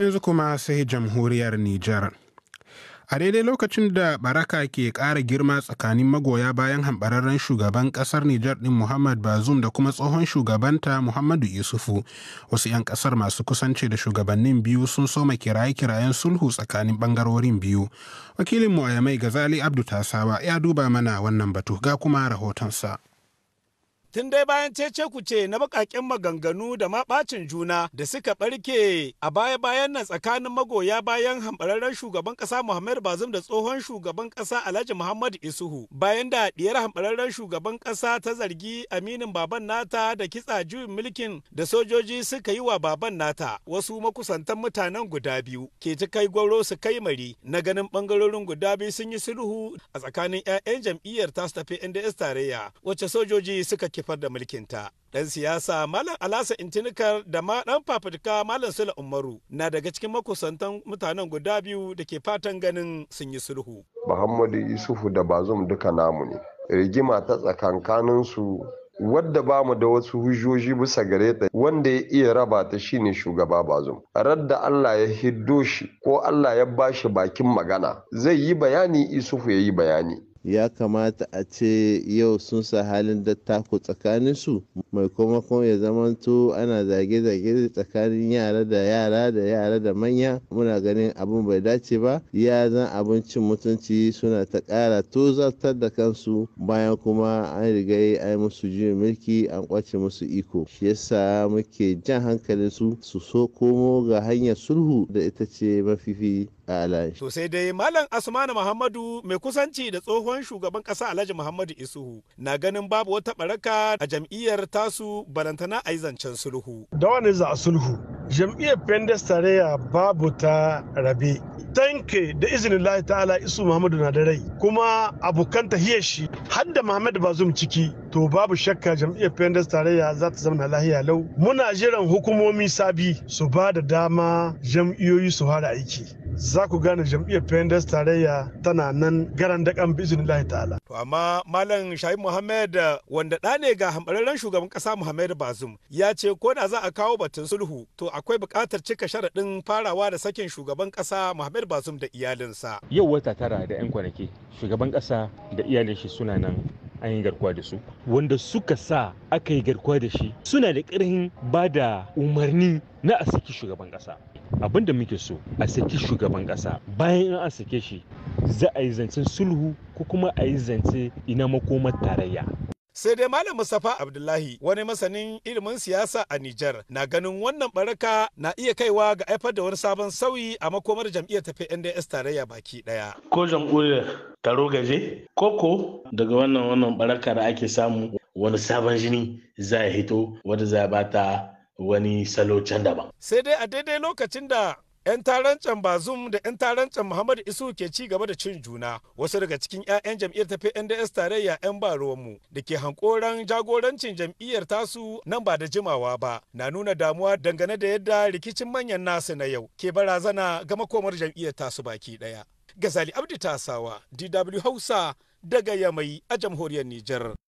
yanzu kuma sai jamhuriyar Nijar. A daidai lokacin da baraka ke ƙara girma tsakanin magoya bayan hambararren shugaban ƙasar Nijar din Muhammad Bazoum da kuma tsohon shugabanta Muhammadu Yusufu, wasu 'yan ƙasar masu kusanci da shugabannin biyu sun soma kiraye-kirayen sulhu tsakanin ɓangarorin biyu. Wakilin mu a Yamai Gazali Abdu Tasawa ya duba mana wannan batu ga kuma rahotonsa. tun dai bayan cece ce na bakaken maganganu da ma bacin juna da suka barke a baya-bayan nan tsakanin magoya bayan hambararren shugaban ƙasa Muhammadu Bazum da tsohon shugaban ƙasa Alhaji Muhammad Isuhu bayan da diyar hambararren shugaban ƙasa ta zargi aminin baban nata da kitsa juyin mulkin da sojoji suka yi wa baban nata wasu makusantan mutanen guda biyu ke ta kai gwaro su kai mari na ganin bangarorin guda biyu sun yi sulhu a tsakanin 'ya'yan jam'iyyar tasu tafi NDS tarayya wacce sojoji suka kifa haifar da mulkinta. Ɗan siyasa Malam Alasa Intinikar da ma ɗan fafutuka Malam Sula Umaru na daga cikin makusantan mutanen guda biyu da ke fatan ganin sun yi sulhu. Muhammadu Yusufu da Bazum duka namu ne. Rigima ta su wadda ba mu da wasu hujjoji bisa gare ta wanda ya iya raba ta shine shugaba bazum radda Allah ya hiddo shi ko Allah ya bashi bakin magana zai yi bayani isufu ya yi bayani ya kamata a ce yau sun sa halin dattako tsakaninsu mai kuma kuma ya zamanto ana zage-zage tsakanin yara da yara da yara da manya muna ganin abin bai dace ba ya zan abincin mutunci suna ta ƙara tozartar da kansu bayan kuma an riga yi musu juyin mulki an kwace musu iko shi yasa muke jan hankalin su su so komo ga hanyar sulhu da ita ce mafifi To sai dai Malam Asmanu Muhammadu mai kusanci da tsohon shugaban ƙasa Alhaji Muhammadu Isuhu na ganin babu wata baraka a jam'iyyar tasu barantana a yi zancen sulhu. Da wani za sulhu. Jam'iyyar Pendes tarayya babu ta rabe. Tanke da izinin Allah ta'ala Isu Muhammadu na da rai kuma abokan tahiyar shi har da Muhammad Bazum ciki to babu shakka jam'iyyar Pendes tarayya za ta zama lahiya lau. Muna jiran hukumomi sabi su ba da dama jam'iyyoyi su fara aiki. za ku gane jam'iyyar pendas tarayya tana nan garan da kan bizin lahi ta'ala. To amma Malam Shayi Muhammad wanda ɗa ne ga hambararren shugaban ƙasa Muhammad Bazum ya ce ko da za a kawo batun sulhu to akwai buƙatar cika sharaɗin farawa da sakin shugaban ƙasa Muhammad Bazum da iyalinsa. Yau wata tara da 'yan kwanaki shugaban ƙasa da iyalin shi suna nan an yi garkuwa da su wanda suka sa aka yi garkuwa da shi suna da ƙarfin ba da umarni na a saki shugaban ƙasa abin da muke so a saki shugaban ƙasa bayan an sake shi za a yi zancen sulhu ko kuma a yi zance ina makomar tarayya sai dai malam mustapha abdullahi wani masanin ilimin siyasa a nijar na ganin wannan baraka na iya kaiwa ga aifar da wani sabon sauyi a makomar jam'iyyar tafi nds tarayya baki daya ko jam'iyyar taro gaje koko daga wannan wannan baraka da ake samu wani sabon jini za ya hito wanda za ya bata wani salo can daban sai dai a daidai lokacin da 'yan tarancen bazum da 'yan tarancen muhammadu isu ke ci gaba da cin juna wasu daga cikin 'ya'yan jam'iyyar ta pnds tarayya 'yan baruwanmu da ke hankoran jagorancin jam'iyyar tasu nan ba da jimawa ba na nuna damuwa dangane da yadda rikicin manyan nasu na yau ke barazana ga makomar jam'iyyar tasu baki daya gazali abdi tasawa dw hausa daga yamai a jamhuriyar nijar